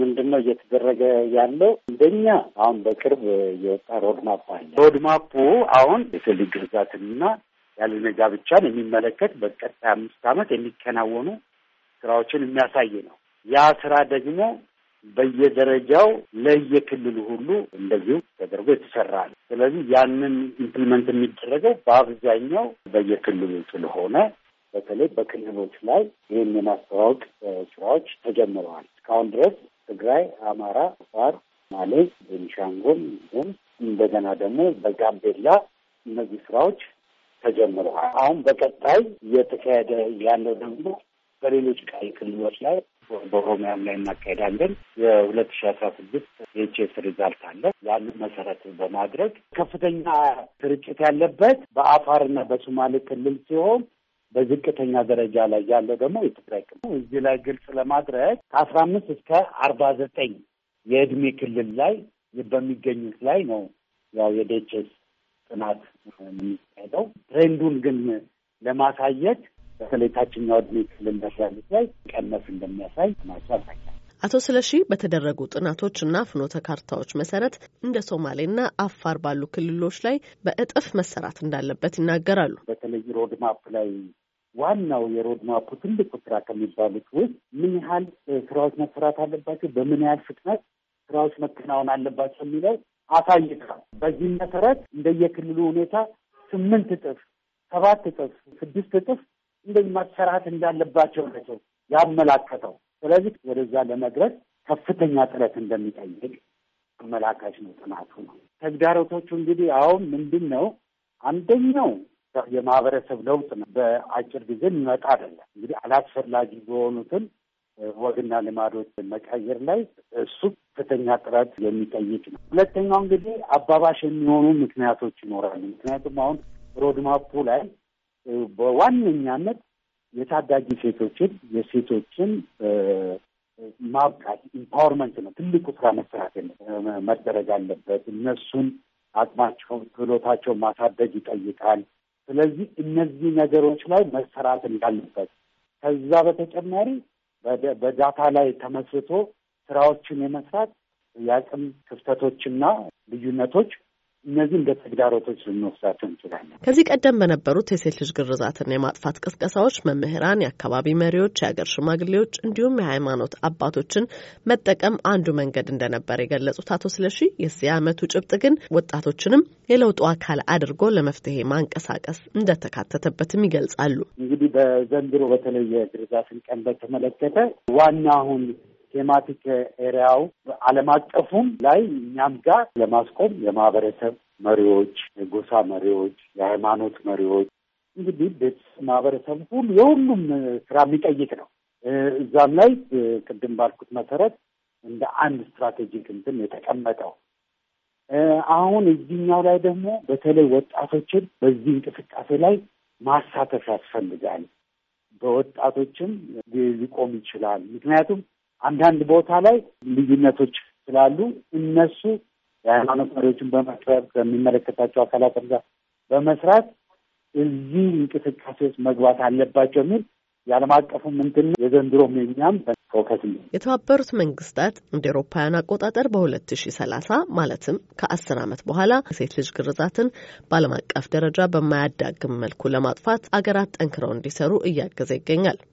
ምንድን ነው እየተደረገ ያለው? እንደኛ አሁን በቅርብ የወጣ ሮድማፕ አለ። ሮድማፑ አሁን የሴት ግርዛትንና ያልዕድሜ ጋብቻን የሚመለከት በቀጣይ አምስት ዓመት የሚከናወኑ ስራዎችን የሚያሳይ ነው። ያ ስራ ደግሞ በየደረጃው ለየክልሉ ሁሉ እንደዚሁ ተደርጎ የተሰራ ነው። ስለዚህ ያንን ኢምፕሊመንት የሚደረገው በአብዛኛው በየክልሉ ስለሆነ በተለይ በክልሎች ላይ ይህን የማስተዋወቅ ስራዎች ተጀምረዋል። እስካሁን ድረስ ትግራይ፣ አማራ፣ አፋር፣ ማሌ፣ ቤኒሻንጉል ግን እንደገና ደግሞ በጋምቤላ እነዚህ ስራዎች ተጀምረዋል። አሁን በቀጣይ እየተካሄደ ያለው ደግሞ በሌሎች ቀይ ክልሎች ላይ በኦሮሚያም ላይ እናካሄዳለን። የሁለት ሺ አስራ ስድስት የቼስ ሪዛልት አለ ያን መሰረት በማድረግ ከፍተኛ ስርጭት ያለበት በአፋርና በሶማሌ ክልል ሲሆን በዝቅተኛ ደረጃ ላይ ያለው ደግሞ የትግራይ ክልል። እዚህ ላይ ግልጽ ለማድረግ ከአስራ አምስት እስከ አርባ ዘጠኝ የእድሜ ክልል ላይ በሚገኙት ላይ ነው ያው የዴችስ ጥናት የሚካሄደው። ትሬንዱን ግን ለማሳየት በተለይ ታችኛው እድሜ ክልል መስራቤት ላይ ቀነስ እንደሚያሳይ ናቸው ያሳያል። አቶ ስለሺ በተደረጉ ጥናቶች እና ፍኖተ ካርታዎች መሰረት እንደ ሶማሌና አፋር ባሉ ክልሎች ላይ በእጥፍ መሰራት እንዳለበት ይናገራሉ። በተለይ ሮድማፕ ላይ ዋናው የሮድማፑ ትልቁ ስራ ከሚባሉት ውስጥ ምን ያህል ስራዎች መሰራት አለባቸው፣ በምን ያህል ፍጥነት ስራዎች መከናወን አለባቸው የሚለው አሳይቷል። በዚህ መሰረት እንደየክልሉ ሁኔታ ስምንት እጥፍ፣ ሰባት እጥፍ፣ ስድስት እጥፍ እንደዚህ መሰራት እንዳለባቸው ናቸው ያመላከተው። ስለዚህ ወደዛ ለመድረስ ከፍተኛ ጥረት እንደሚጠይቅ አመላካች ነው ጥናቱ ነው። ተግዳሮቶቹ እንግዲህ አሁን ምንድን ነው አንደኛው የማህበረሰብ ለውጥ ነው። በአጭር ጊዜ የሚመጣ አይደለም። እንግዲህ አላስፈላጊ የሆኑትን ወግና ልማዶች መቀየር ላይ እሱ ከፍተኛ ጥረት የሚጠይቅ ነው። ሁለተኛው እንግዲህ አባባሽ የሚሆኑ ምክንያቶች ይኖራሉ። ምክንያቱም አሁን ሮድማፑ ላይ በዋነኛነት የታዳጊ ሴቶችን የሴቶችን ማብቃት ኢምፓወርመንት ነው ትልቁ ስራ መሰራት መደረግ አለበት። እነሱን አቅማቸው ክህሎታቸውን ማሳደግ ይጠይቃል። ስለዚህ እነዚህ ነገሮች ላይ መሰራት እንዳለበት ከዛ በተጨማሪ በዳታ ላይ ተመስርቶ ስራዎችን የመስራት የአቅም ክፍተቶችና ልዩነቶች እነዚህ እንደ ተግዳሮቶች ልንወስዳቸው እንችላለን። ከዚህ ቀደም በነበሩት የሴት ልጅ ግርዛትን የማጥፋት ቅስቀሳዎች መምህራን፣ የአካባቢ መሪዎች፣ የሀገር ሽማግሌዎች እንዲሁም የሃይማኖት አባቶችን መጠቀም አንዱ መንገድ እንደነበር የገለጹት አቶ ስለሺ የዚህ ዓመቱ ጭብጥ ግን ወጣቶችንም የለውጡ አካል አድርጎ ለመፍትሄ ማንቀሳቀስ እንደተካተተበትም ይገልጻሉ። እንግዲህ በዘንድሮ በተለይ የግርዛትን ቀን በተመለከተ ዋና አሁን ቴማቲክ ኤሪያው ዓለም አቀፉም ላይ እኛም ጋር ለማስቆም የማህበረሰብ መሪዎች፣ የጎሳ መሪዎች፣ የሃይማኖት መሪዎች እንግዲህ ቤተሰብ፣ ማህበረሰብ ሁሉ የሁሉም ስራ የሚጠይቅ ነው። እዛም ላይ ቅድም ባልኩት መሰረት እንደ አንድ ስትራቴጂክ እንትን የተቀመጠው አሁን እዚህኛው ላይ ደግሞ በተለይ ወጣቶችን በዚህ እንቅስቃሴ ላይ ማሳተፍ ያስፈልጋል። በወጣቶችም ሊቆም ይችላል። ምክንያቱም አንዳንድ ቦታ ላይ ልዩነቶች ስላሉ እነሱ የሃይማኖት መሪዎችን በመቅረብ በሚመለከታቸው አካላት ጋር በመስራት እዚህ እንቅስቃሴ ውስጥ መግባት አለባቸው የሚል የዓለም አቀፉ ምንትን የዘንድሮ ምኛም ፎከስ የተባበሩት መንግስታት እንደ ኤሮፓውያን አቆጣጠር በሁለት ሺ ሰላሳ ማለትም ከአስር ዓመት በኋላ ሴት ልጅ ግርዛትን በዓለም አቀፍ ደረጃ በማያዳግም መልኩ ለማጥፋት አገራት ጠንክረው እንዲሰሩ እያገዘ ይገኛል።